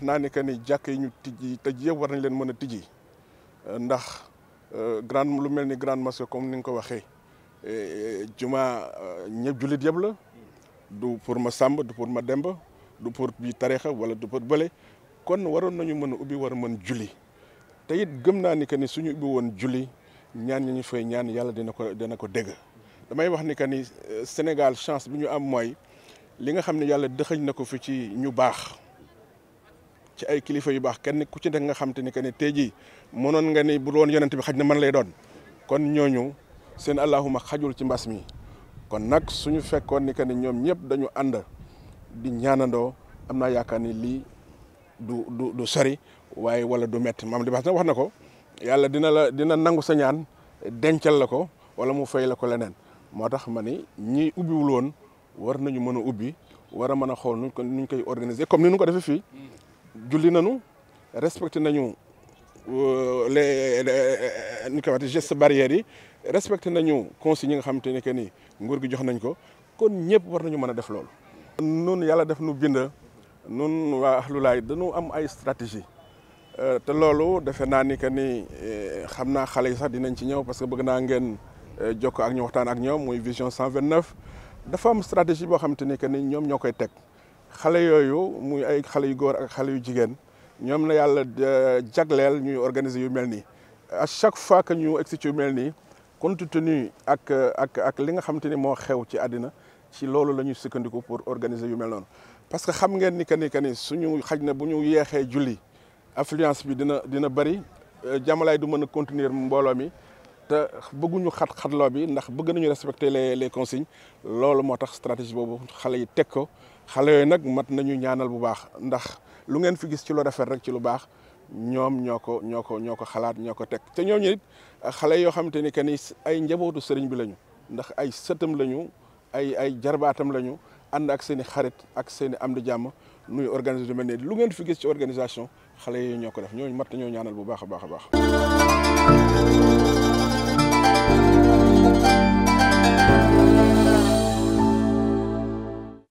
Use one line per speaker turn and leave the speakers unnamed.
wax naa ne que ni jàkk yi ñu tijji tëj yëpp war nañ leen mën a tijji ndax euh, grande lu mel ni grande mosquée comme ni nga ko waxee euh, juma euh, ñëpp jullit yëpp la du pour ma sàmb du pour ma demba du pour bi tareexa wala du pour bële kon waroon nañu mën a ubbi war a mën julli te it gëm naa ni que ni suñu ubbi woon julli ñaan ñi ñu fay ñaan yàlla dina ko dina ko dégg damay wax ni que ni Sénégal chance bi ñu am mooy li nga xam ne yàlla dëxëñ na ko fi ci ñu baax ci ay kilifa yu baax kenn ku ci nekk nga xam te ni que ne tey jii mënoon nga ni bu doon yonent bi xaj na man lay doon kon ñooñu seen allahuma xajul ci mbas mi kon nag suñu fekkoon ni que ne ñoom ñëpp dañu ànd di ñaanandoo am naa yaakaar ni lii du du du waaye wala du metti maam li baax na wax na ko yàlla dina la dina nangu sa ñaan dencal la ko wala mu fay la ko leneen moo tax ma ni ñi ubbiwul woon war nañu mën a ubbi war a mën a xool nuñ ko nuñ koy organiser comme ni ko defee fii julli nañu respecté nañu euh, les ñu koy waxee gestes barrières yi respecté nañu consignes yi nga xamante ne que ni nguur gi jox nañ ko kon ñëpp war nañu mën a def loolu. nun yàlla def nu bind nun waa Ahlou Laye dañu am ay stratégie euh, te loolu defe naa ni que ni euh, xam naa xale yi sax dinañ ci ñëw parce que bëgg naa ngeen jokk ak ñu waxtaan ak ñoom muy vision 129 dafa am stratégie boo xamante ne que ni ñoom ñoo koy teg. xale yooyu muy ay xale yu góor ak xale yu jigéen ñoom la yàlla euh, jagleel ñuy organiser yu mel nii à chaque fois que ñu egsi yu mel nii compte tenu ak ak ak li nga xamante ni moo xew ci àddina ci loolu la ñuy sukkandiku pour organiser yu mel noonu parce que xam ngeen ni que ni que ni suñu xaj na bu ñu yeexee julli affluence bi dina dina bëri euh, jàmmalaay du mën a continuer mbooloo mi te bëgguñu xat xatloo bi ndax bëgg nañu respecter les les consignes loolu moo tax stratégie boobu xale yi teg ko xale yooyu nag mat nañu ñaanal bu baax ndax lu ngeen fi gis ci lu rafet rek ci lu baax ñoom ñoo ko ñoo ko ñoo ko xalaat ñoo ko teg te ñoom xale yoo xamante ni que ni ay njabootu sëriñ bi lañu ndax ay sëtam lañu ay ay jarbaatam lañu ànd ak seen i xarit ak seen i am di jàmm nuy organiser mel ne lu ngeen fi gis ci organisation xale yooyu ñoo ko def ñooñu mat nañoo ñaanal bu baax a baax a baax.